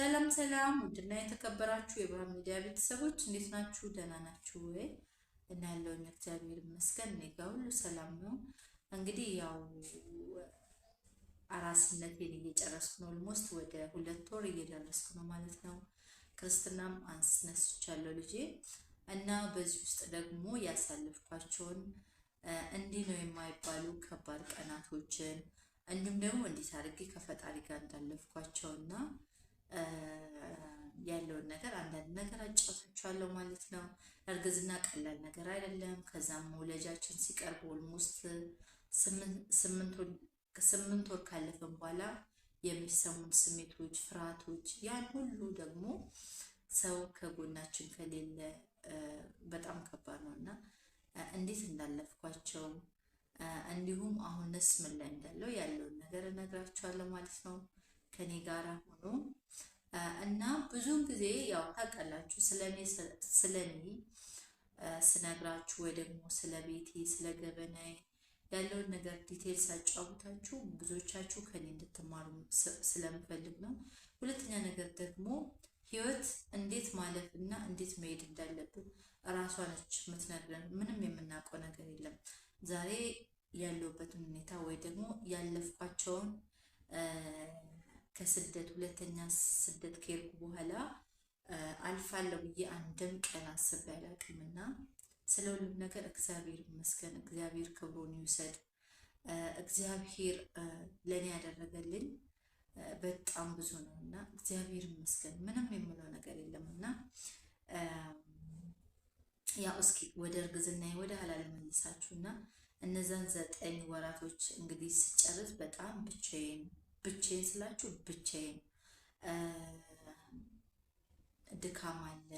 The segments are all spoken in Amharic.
ሰላም ሰላም፣ ውድና የተከበራችሁ የብርሃን ሚዲያ ቤተሰቦች እንዴት ናችሁ? ደህና ናችሁ ወይ? እና ያለውን እግዚአብሔር ይመስገን እኔ ጋር ሁሉ ሰላም ነው። እንግዲህ ያው አራስነቴን እየጨረስኩ ነው። ኦልሞስት ወደ ሁለት ወር እየደረስኩ ነው ማለት ነው። ክርስትናም አስነስቻለሁ ልጄ እና በዚህ ውስጥ ደግሞ ያሳለፍኳቸውን እንዲህ ነው የማይባሉ ከባድ ቀናቶችን እንዲሁም ደግሞ እንዴት አድርጌ ከፈጣሪ ጋር እንዳለፍኳቸውና ያለውን ነገር አንዳንድ ነገር አጫውታችኋለሁ ማለት ነው። እርግዝና ቀላል ነገር አይደለም። ከዛም መውለጃችን ሲቀርብ ኦልሞስት ስምንት ወር ካለፈን በኋላ የሚሰሙን ስሜቶች፣ ፍርሃቶች ያን ሁሉ ደግሞ ሰው ከጎናችን ከሌለ በጣም ከባድ ነው እና እንዴት እንዳለፍኳቸው እንዲሁም አሁንስ ምን ላይ እንዳለው ያለውን ነገር እነግራችኋለሁ ማለት ነው። ከኔ ጋር ሆኖ እና ብዙውን ጊዜ ያው ታውቃላችሁ ስለኔ ስነግራችሁ ወይ ደግሞ ስለ ቤቴ ስለ ገበናዬ ያለውን ነገር ዲቴል ሳጫውታችሁ ብዙዎቻችሁ ከኔ እንድትማሩ ስለምፈልግ ነው። ሁለተኛ ነገር ደግሞ ህይወት እንዴት ማለፍ እና እንዴት መሄድ እንዳለብን እራሷ ነች የምትነግረን። ምንም የምናውቀው ነገር የለም። ዛሬ ያለሁበትን ሁኔታ ወይ ደግሞ ያለፍኳቸውን ከስደት ሁለተኛ ስደት ከሄድኩ በኋላ አልፋለሁ ብዬ አንድም ቀን አስቤ አላውቅም እና ስለ ሁሉም ነገር እግዚአብሔር ይመስገን። እግዚአብሔር ክብሩን ይውሰድ። እግዚአብሔር ለእኔ ያደረገልኝ በጣም ብዙ ነው እና እግዚአብሔር ይመስገን ምንም የምለው ነገር የለም እና ያው እስኪ ወደ እርግዝና ወደ ኋላ ልመልሳችሁ እና እነዛን ዘጠኝ ወራቶች እንግዲህ ስጨርስ በጣም ብቻዬን ብቻዬን ስላችሁ ብቻዬን ድካም አለ፣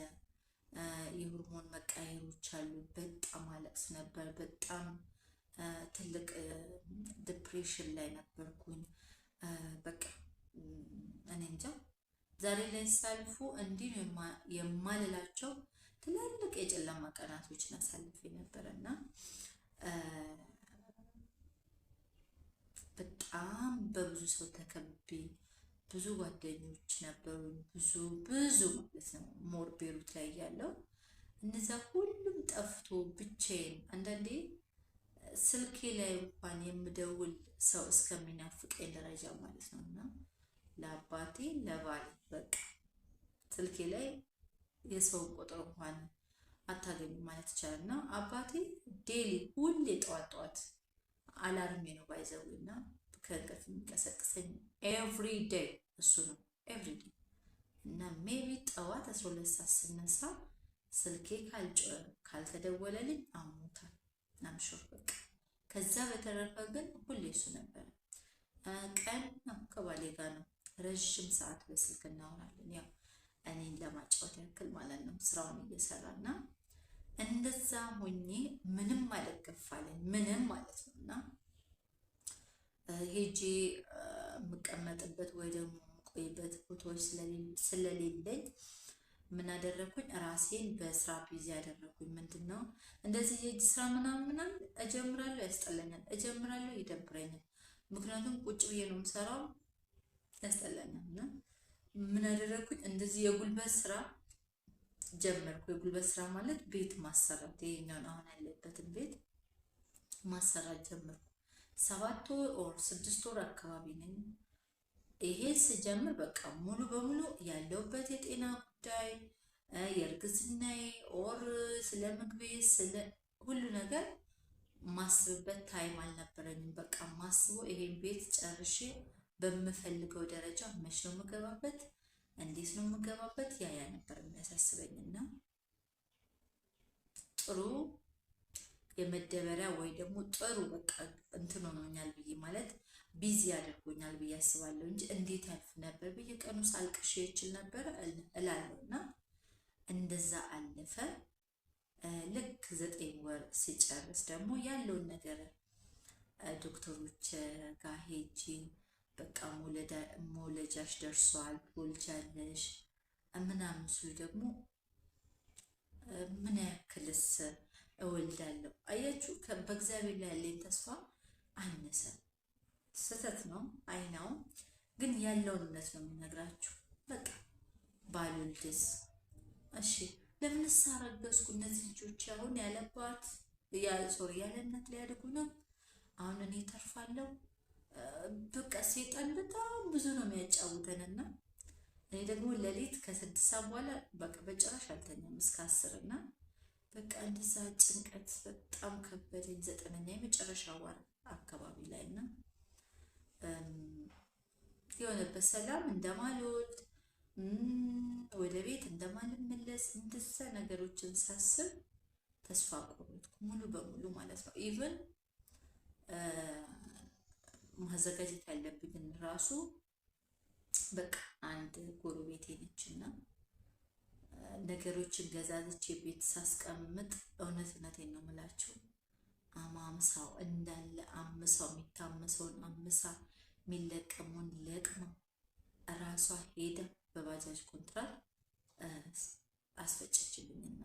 የሆርሞን መቃየሮች አሉ። በጣም አለቅስ ነበር። በጣም ትልቅ ዲፕሬሽን ላይ ነበርኩኝ። በቃ እኔ እንጃ ዛሬ ላይ ሳልፉ እንዲህ የማልላቸው ትላልቅ የጨለማ ቀናቶችን አሳልፌ ነበር እና በጣም በብዙ ሰው ተከቤ ብዙ ጓደኞች ነበሩኝ። ብዙ ብዙ ማለት ነው። ሞር ቤሩት ላይ ያለው እነዛ ሁሉም ጠፍቶ ብቻዬን አንዳንዴ ስልኬ ላይ እንኳን የምደውል ሰው እስከሚናፍቀኝ ደረጃ ማለት ነው። እና ለአባቴ ለባል በቃ ስልኬ ላይ የሰውን ቁጥር እንኳን አታገኙ ማለት ይቻላል። እና አባቴ ዴሊ ሁሌ ጠዋት ጠዋት አላርሜ ነው ባይዘው እና ከእንቅልፍ የሚቀሰቅሰኝ ኤቭሪ ዴይ እሱ ነው። ኤቭሪ ዴይ እና ሜቢ ጠዋት 12 ሰዓት ስነሳ ስልኬ ካልጮኸ ካልተደወለልኝ አሞታል ናምሾር በቃ። ከዛ በተረፈ ግን ሁሌ እሱ ነበረ። ቀን ነው ከባሌ ጋር ነው ረዥም ሰዓት በስልክ እናወራለን። ያው እኔን ለማጫወት ያክል ማለት ነው ስራውን እየሰራ እና እንደዛ ሆኜ ምንም አልገፋለኝ ምንም ማለት ነው እና ሄጄ የምቀመጥበት ወይ ደግሞ የምቆይበት ቦታዎች ስለሌለኝ ምን ራሴን በስራ ቢዚ ያደረግኩኝ። ምንድን ነው እንደዚህ የእጅ ስራ ምናምን ምናምን እጀምራለሁ፣ ያስጠላኛል፣ እጀምራለሁ፣ ይደብረኛል። ምክንያቱም ቁጭ ብዬ ነው የምሰራው፣ ያስጠላኛል። እና ምን አደረግኩኝ? እንደዚህ የጉልበት ስራ ጀመርኩ። የጉልበት ስራ ማለት ቤት ማሰራት፣ ይሄኛውን አሁን ያለበትን ቤት ማሰራት ጀመርኩ። ሰባት ወር ኦር ስድስት ወር አካባቢ ነኝ። ይሄ ስጀምር በቃ ሙሉ በሙሉ ያለውበት የጤና ጉዳይ የእርግዝናዬ ኦር ስለ ምግቤ ስለ ሁሉ ነገር ማስብበት ታይም አልነበረኝም። በቃ ማስቦ ይሄን ቤት ጨርሼ በምፈልገው ደረጃ መቼ ነው የምገባበት፣ እንዴት ነው የምገባበት፣ ያ ያ ነበር የሚያሳስበኝ እና ጥሩ የመደበሪያ ወይ ደግሞ ጥሩ በቃ እንትን ሆኖኛል ብዬ ማለት ቢዚ አድርጎኛል ብዬ አስባለሁ እንጂ እንዴት ያልፍ ነበር ቀኑ ሳልቅሽ ይችል ነበር እላለሁ። እና እንደዛ አለፈ። ልክ ዘጠኝ ወር ሲጨርስ ደግሞ ያለውን ነገር ዶክተሮች ጋር ሄጂ በቃ መውለጃሽ ደርሷል ትወልጃለሽ ምናምን ስሉ ደግሞ ምን ያክልስ እወልዳለሁ። አያችሁ በእግዚአብሔር ላይ ያለኝ ተስፋ አነሰ። ስህተት ነው አይናውም፣ ግን ያለውን እምነት ነው የምነግራችሁ። በቃ ባልወልድስ? እሺ ለምን ሳረገዝኩ? እነዚህ ልጆች አሁን ያለባት ሶሪ ያለ እናት ሊያድጉ ነው። አሁን እኔ ተርፋለሁ። በቃ ሴጣን በጣም ብዙ ነው የሚያጫውተንና እኔ ደግሞ ሌሊት ከስድስት ሰዓት በኋላ በቃ በጭራሽ አልተኛም እስከ አስር እና በቃ እንደዛ ጭንቀት በጣም ከበደኝ። ዘጠነኛ የመጨረሻ ወር አካባቢ ላይ እና የሆነ በሰላም እንደማልወልድ ወደ ቤት እንደማልመለስ እንደዛ ነገሮችን ሳስብ ተስፋ ቆረጥኩ ሙሉ በሙሉ ማለት ነው። ኢቨን ማዘጋጀት ያለብኝን ራሱ በቃ አንድ ጎረቤቴ ነች እና ነገሮችን ገዛዝቼ ቤት ሳስቀምጥ እውነትነት ነው የምላችሁ፣ አማምሳው እንዳለ አምሳው የሚታመሰውን አምሳ የሚለቀመውን ለቅማ ራሷ ሄዳ በባጃጅ ኮንትራት አስፈጨችልኝና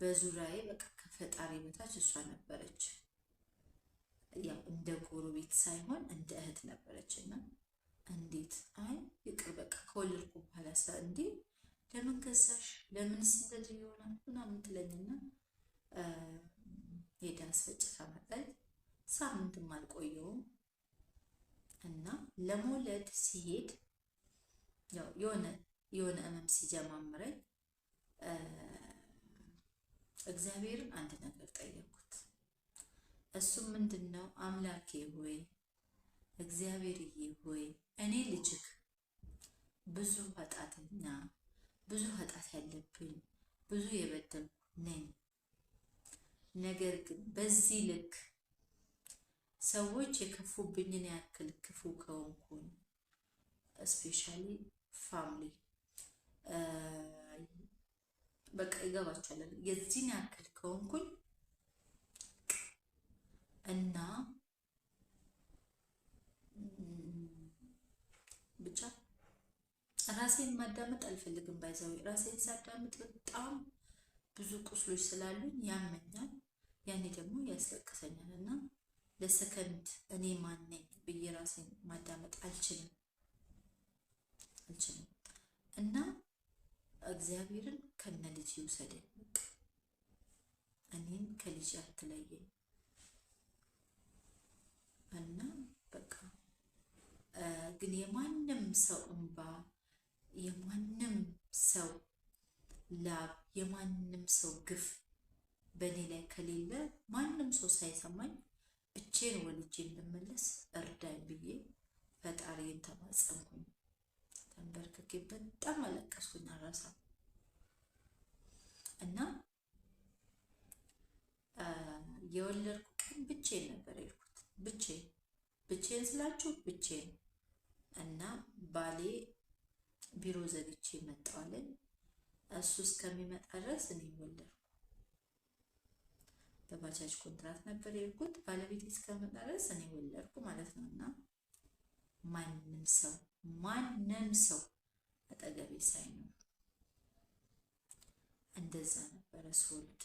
በዙሪያዬ በቃ ከፈጣሪ በታች እሷ ነበረች። ያው እንደ ጎረቤት ሳይሆን እንደ እህት እና እንዴት? አይ ይቅር በቃ ከወለድኩ በኋላ ሰ እንዴ ለምን ገዛሽ? ለምን እንደዚህ ይሆናል ምናምን ትለኝና ሄዳ አስፈጭታ መጣች። ሳምንትም አልቆየውም እና ለመውለድ ሲሄድ የሆነ የሆነ ህመም ሲጀማምረኝ እግዚአብሔርን አንድ ነገር ጠየቅኩት። እሱም ምንድን ነው አምላኬ ሆይ እግዚአብሔርዬ ሆይ እኔ ልጅክ ብዙ ኃጢአተኛ ብዙ ኃጢአት ያለብኝ ብዙ የበደልኩ ነኝ። ነገር ግን በዚህ ልክ ሰዎች የከፉብኝን ያክል ክፉ ከሆንኩኝ እስፔሻሊ ፋሚሊ በቃ ይገባችኋል። የዚህን ያክል ከሆንኩኝ እና ራሴን ማዳመጥ አልፈልግም። ባይዛዊ ራሴን ሳዳምጥ በጣም ብዙ ቁስሎች ስላሉኝ ያመኛል። ያኔ ደግሞ ያስለቅሰኛል እና ለሰከንድ እኔ ማን ነኝ ብዬ ራሴን ማዳመጥ አልችልም አልችልም እና እግዚአብሔርን ከነ ልጅ ይውሰደኝ፣ እኔን ከልጅ አትለየኝ እና በቃ ግን የማንም ሰው የማንም ሰው ላብ የማንም ሰው ግፍ በእኔ ላይ ከሌለ ማንም ሰው ሳይሰማኝ ብቼን ወልጄ እንድመለስ እርዳኝ ብዬ ፈጣሪን ተማጸንኩኝ። ተንበርክኬ በጣም አለቀስኩኝ። አራሳ እና የወለድኩ ቀን ብቼን ነበር የሄድኩት። ብቼን ብቼን ስላችሁ ብቼን እና ባሌ ቢሮ ዘግቼ መጣዋለን። እሱ እስከሚመጣ ድረስ እኔ ወለድኩ። በባጃጅ ኮንትራት ነበር የሄድኩት። ባለቤቴ እስከመጣ ድረስ እኔ ወለድኩ ማለት ነው። እና ማንም ሰው ማንም ሰው አጠገቤ ሳይኖር እንደዛ ነበረ ስወልድ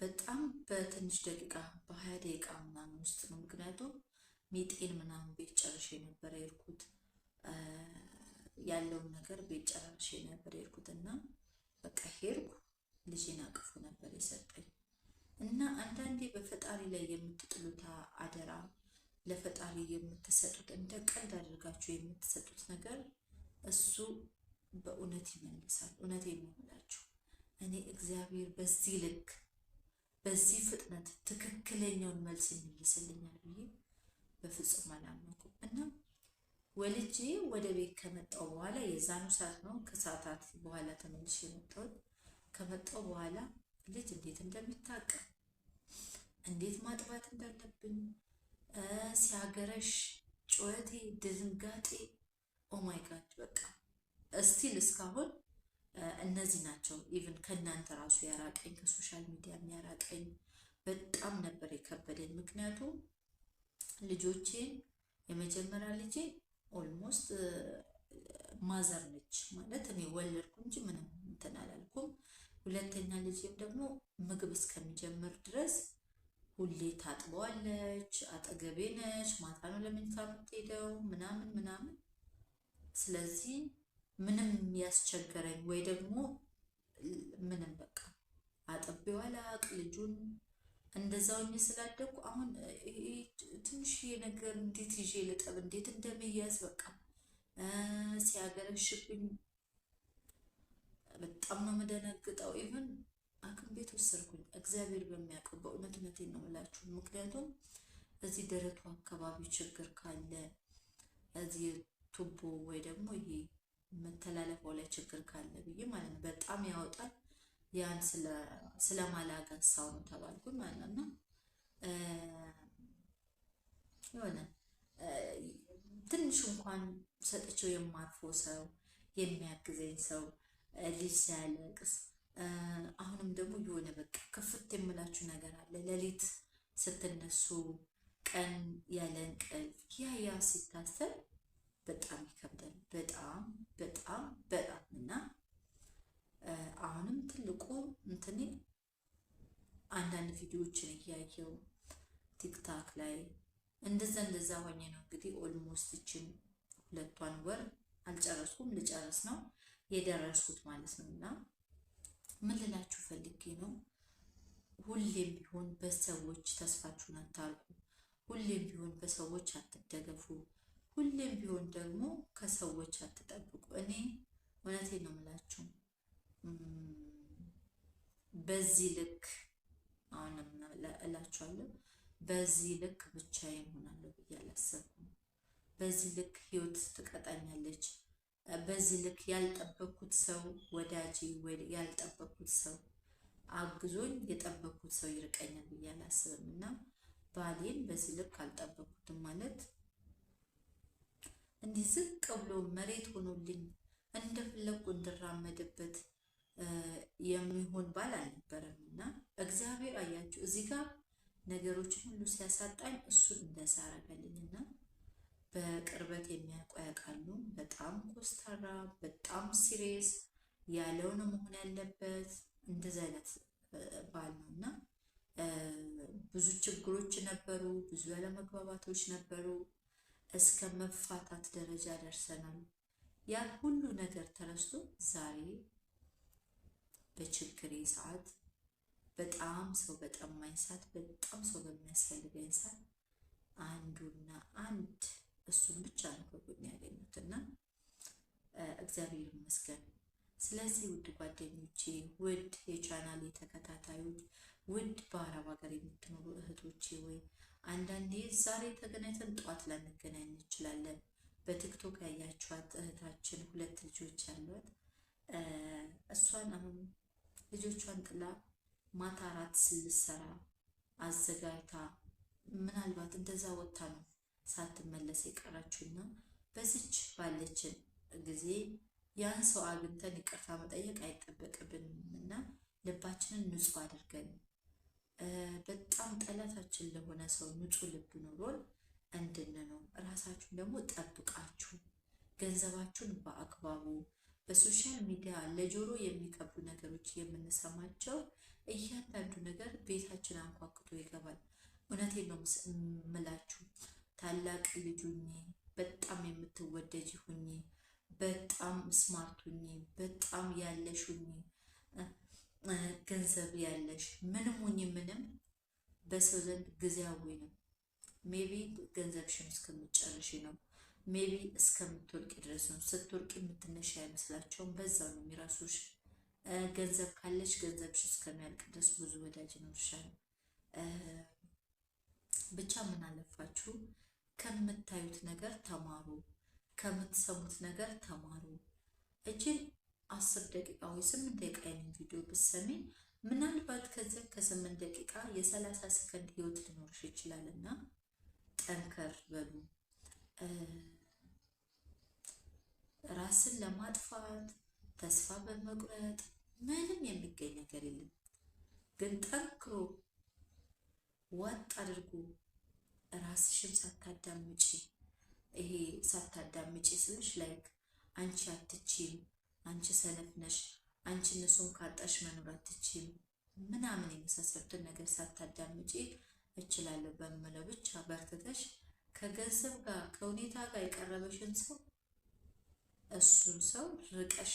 በጣም በትንሽ ደቂቃ በሀያ ደቂቃ ምናምን ውስጥ ነው። ምክንያቱም ሚጤን ምናምን ቤት ጨርሼ ነበር የሄድኩት ያለውን ነገር ቤት ጨርሼ ነበር የሄድኩት እና በቃ ሄድኩ። ልጄን አቅፎ ነበር የሰጠኝ እና አንዳንዴ በፈጣሪ ላይ የምትጥሉት አደራ ለፈጣሪ የምትሰጡት እንደ ቀልድ አድርጋችሁ የምትሰጡት ነገር እሱ በእውነት ይመልሳል። እውነት የምንላችሁ እኔ እግዚአብሔር በዚህ ልክ በዚህ ፍጥነት ትክክለኛውን መልስ ይመልስልኛል ብዬ በፍጹም አላመንኩም እና ወልጄ ወደ ቤት ከመጣው በኋላ የዛኑ ሰዓት ነው። ከሰዓታት በኋላ ተመልሼ የመጣሁት ከመጣው በኋላ ልጅ እንዴት እንደሚታቀም እንዴት ማጥባት እንዳለብኝ ሲያገረሽ ጩኸቴ፣ ድንጋጤ ኦማይ ጋድ በቃ እስቲል እስካሁን እነዚህ ናቸው። ኢቭን ከእናንተ ራሱ ያራቀኝ ከሶሻል ሚዲያ የሚያራቀኝ በጣም ነበር የከበደኝ። ምክንያቱም ልጆቼ የመጀመሪያ ልጄ ኦልሞስት ማዘር ነች ማለት እኔ ወለድኩ እንጂ ምንም እንትን አላልኩም። ሁለተኛ ልጄም ደግሞ ምግብ እስከሚጀምር ድረስ ሁሌ ታጥበዋለች፣ አጠገቤ ነች፣ ማታ ነው ለመኝታ የምትሄደው ምናምን ምናምን ስለዚህ ምንም ያስቸገረኝ ወይ ደግሞ ምንም በቃ አጥቤው አላቅ ልጁን እንደዛውኝ ስላደኩ አሁን ትንሽዬ ነገር እንዴት ይዤ ልጠብ እንዴት እንደመያዝ በቃ ሲያገረሽብኝ በጣም ነው የምደነግጠው። ኢቭን ሐኪም ቤት ወሰድኩኝ። እግዚአብሔር በሚያውቀው በእውነት እውነቴን ነው የምላችሁ። ምክንያቱም እዚህ ደረቱ አካባቢ ችግር ካለ እዚህ ቱቦ ወይ ደግሞ ይሄ መተላለፈው ላይ ችግር ካለ ብዬ ማለት ነው። በጣም ያወጣል። ያን ስለማላገሳው ነው ተባልኩኝ ማለት ነው። እና የሆነ ትንሽ እንኳን ሰጥቼው የማርፎ ሰው የሚያግዘኝ ሰው ልጅ ሳያለቅስ አሁንም ደግሞ የሆነ በቃ ክፍት የምላችሁ ነገር አለ። ሌሊት ስትነሱ ቀን ያለ እንቅልፍ ያ ያ ሲታሰብ በጣም ይከብዳል። በጣም በጣም በጣም እና አሁንም ትልቁ እንትኔ አንዳንድ ቪዲዮዎችን እያየው ቲክታክ ላይ እንደዛ እንደዛ ሆኜ ነው እንግዲህ ኦልሞስት እችን ሁለቷን ወር አልጨረስኩም፣ ልጨረስ ነው የደረስኩት ማለት ነው። እና ምን ልላችሁ ፈልጌ ነው፣ ሁሌም ቢሆን በሰዎች ተስፋችሁን አታርጉ። ሁሌም ቢሆን በሰዎች አትደገፉ። ሁሌም ቢሆን ደግሞ ከሰዎች አትጠብቁ። እኔ እውነቴ ነው የምላችሁ በዚህ ልክ አሁንም እላችኋለሁ፣ በዚህ ልክ ብቻዬን ሆናለሁ ብዬ አላሰብኩም። በዚህ ልክ ህይወት ትቀጣኛለች። በዚህ ልክ ያልጠበኩት ሰው ወዳጄ፣ ያልጠበኩት ሰው አግዞኝ የጠበኩት ሰው ይርቀኛል ብዬ አላስብም እና ባሌን በዚህ ልክ አልጠበኩትም ማለት እንዲህ ዝቅ ብሎ መሬት ሆኖልኝ እንደፈለግኩ እንድራመድበት የሚሆን ባል አልነበረም እና እግዚአብሔር አያችሁ እዚህ ጋር ነገሮችን ሁሉ ሲያሳጣኝ እሱን እንደዛ እና በቅርበት የሚያውቁ ያውቃሉ። በጣም ኮስታራ፣ በጣም ሲሪየስ ያለው ነው መሆን ያለበት እንደዚ አይነት ባል ነው እና ብዙ ችግሮች ነበሩ፣ ብዙ ያለመግባባቶች ነበሩ። እስከ መፋታት ደረጃ ደርሰናል። ያ ሁሉ ነገር ተረስቶ ዛሬ በችግሬ ሰዓት በጣም ሰው በጠማኝ ሰዓት በጣም ሰው በሚያስፈልገኝ ሰዓት አንዱና አንድ እሱን ብቻ ነው ከጎን ያገኙት እና እግዚአብሔር ይመስገን። ስለዚህ ውድ ጓደኞቼ፣ ውድ የቻናሌ ተከታታዮች፣ ውድ በአረብ ሀገር የምትኖሩ እህቶቼ ወይ አንዳንዴ ዛሬ ተገናኝተን ጠዋት ላንገናኝ እንችላለን። በቲክቶክ ያያችኋት እህታችን ሁለት ልጆች ያሏት እሷን አሁን ልጆቿን ጥላ ማታ አራት ስልሰራ አዘጋጅታ ምናልባት እንደዛ ወጥታ ነው ሳትመለስ የቀራችሁና በዚች ባለችን ጊዜ ያን ሰው አግኝተን ይቅርታ መጠየቅ አይጠበቅብንም እና ልባችንን ንጹህ አድርገን በጣም ጠላታችን ለሆነ ሰው ንጹህ ልብ ኑሮን እንድንኖር እራሳችሁን ደግሞ ጠብቃችሁ ገንዘባችሁን በአግባቡ በሶሻል ሚዲያ ለጆሮ የሚቀቡ ነገሮች የምንሰማቸው እያንዳንዱ ነገር ቤታችን አንኳክቶ ይገባል። እውነቴ ነው የምላችሁ። ታላቅ ልጁኝ በጣም የምትወደጅ ሁኚ፣ በጣም ስማርት ሁኚ፣ በጣም ያለሽ ሁኚ። ገንዘብ ያለሽ ምንም ሁኚ ምንም በሰው ዘንድ ጊዜያዊ ነው። ሜቢ ገንዘብሽን እስከምጨርሽ ነው። ሜቢ እስከምትወርቂ ድረስ ነው። ስትወርቂ የምትነሻ አይመስላቸውም። በዛ ነው የሚራሱሽ። ገንዘብ ካለሽ ገንዘብሽ እስከሚያልቅ ድረስ ብዙ ወዳጅ ይኖርሻል። ብቻ ምን አለፋችሁ ከምታዩት ነገር ተማሩ፣ ከምትሰሙት ነገር ተማሩ እጅግ አስር ደቂቃ ወይ ስምንት ደቂቃ ያንን ቪዲዮ ብትሰሚ ምናልባት ከዚያ ከስምንት ደቂቃ የሰላሳ ሰከንድ ህይወት ሊኖርሽ ይችላል እና ጠንከር በሉ። ራስን ለማጥፋት ተስፋ በመቁረጥ ምንም የሚገኝ ነገር የለም። ግን ጠንክሮ ወጥ አድርጎ ራስሽን ሳታዳምጪ ይሄ ሳታዳምጪ ስልሽ ላይክ አንቺ አትችም አንቺ ሰነፍ ነሽ፣ አንቺ ንሱን ካጣሽ መኖር አትችይም ምናምን የመሳሰሉትን ነገር ሳታዳምጪ እችላለሁ በምለው ብቻ በርትተሽ ከገንዘብ ጋር ከሁኔታ ጋር የቀረበሽን ሰው እሱን ሰው ርቀሽ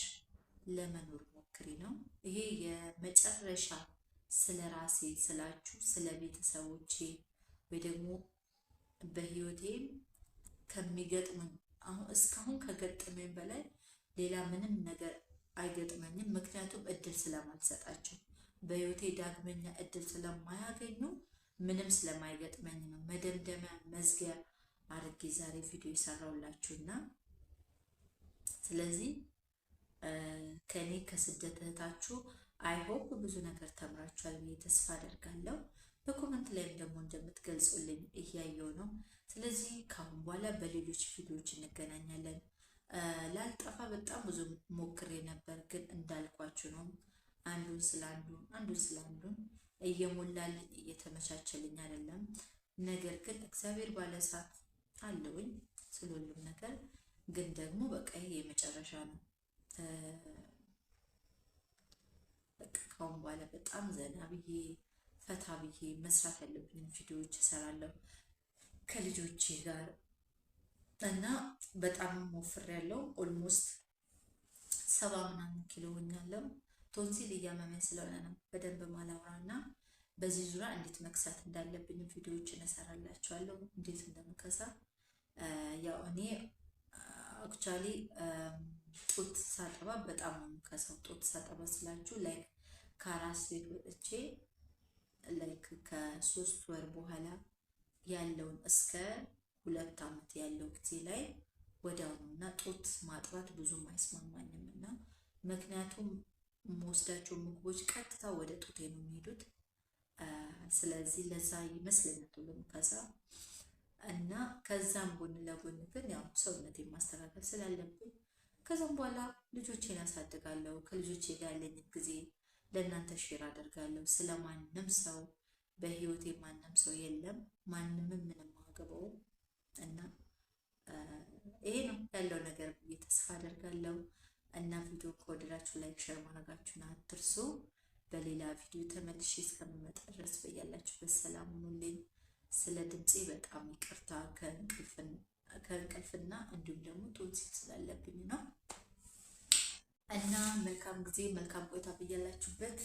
ለመኖር ሞክሪ ነው። ይሄ የመጨረሻ ስለ ራሴ ስላችሁ ስለ ቤተሰቦቼ ወይ ደግሞ በህይወቴም ከሚገጥሙኝ አሁን እስካሁን ከገጠመኝ በላይ ሌላ ምንም ነገር አይገጥመኝም፣ ምክንያቱም እድል ስለማልሰጣቸው በህይወቴ ዳግመኛ እድል ስለማያገኙ ምንም ስለማይገጥመኝ ነው። መደምደሚያ መዝጊያ አድርጌ ዛሬ ቪዲዮ የሰራውላችሁ እና ስለዚህ ከኔ ከስደት እህታችሁ አይሆፕ ብዙ ነገር ተምራችኋል ብዬ ተስፋ አደርጋለሁ። በኮመንት ላይም ደግሞ እንደምትገልጹልኝ እያየው ነው። ስለዚህ ከአሁን በኋላ በሌሎች ቪዲዮዎች እንገናኛለን። ላልጠፋ በጣም ብዙ ሞክሬ ነበር፣ ግን እንዳልኳችሁ ነው። አንዱን ስለ አንዱን አንዱን ስለ አንዱን እየሞላልኝ እየተመቻቸልኝ አይደለም። ነገር ግን እግዚአብሔር ባለሳት አለውኝ ሁሉም ነገር። ግን ደግሞ በቃ ይሄ የመጨረሻ ነው። በቃ ካሁን በኋላ በጣም ዘና ብዬ ፈታ ብዬ መስራት ያለብኝ ቪዲዮዎች እሰራለሁ ከልጆቼ ጋር እና በጣም ሞፍር ያለው ኦልሞስት ሰባ ምናምን ኪሎ ሆኛለሁ። ቶንሲል እያመመኝ ስለሆነ ነው በደንብ ማላውራ እና በዚህ ዙሪያ እንዴት መክሳት እንዳለብኝ ቪዲዮዎች እነሰራላችኋለሁ። እንዴት እንደምከሳ ያው እኔ አክቹዋሊ ጡት ሳጠባ በጣም ነው የምከሳው። ጡት ሳጠባ ስላችሁ ላይክ ከአራስ ቤት ወጥቼ ላይክ ከሶስት ወር በኋላ ያለውን እስከ ሁለት ዓመት ያለው ጊዜ ላይ ወዲያውኑ እና ጡት ማጥባት ብዙም አይስማማኝም እና ምክንያቱም የምወስዳቸው ምግቦች ቀጥታ ወደ ጡቴ ነው የሚሄዱት። ስለዚህ ለዛ ይመስለኛል ሁሉም ከዛ እና ከዛም ጎን ለጎን ግን ያው ሰውነቴን ማስተካከል ስላለብኝ ከዛም በኋላ ልጆቼን ያሳድጋለሁ። ከልጆቼ ጋር ያለኝን ጊዜ ለእናንተ ሼር አደርጋለሁ። ስለ ማንም ሰው በህይወቴ ማንም ሰው የለም። ማንምም ምንም አገባውም እና ይሄ ነው ያለው ነገር ብዬ ተስፋ አደርጋለሁ። እና ቪዲዮ ከወደዳችሁ ላይክ፣ ሸር ማድረጋችሁን አትርሱ። በሌላ ቪዲዮ ተመልሼ እስከምመጣ ድረስ በያላችሁበት ሰላም ሁኑልኝ። ስለ ድምፄ በጣም ይቅርታ ከእንቅልፍና እንዲሁም ደግሞ ቶንሲል ስላለብኝ ነው። እና መልካም ጊዜ መልካም ቆይታ በያላችሁበት።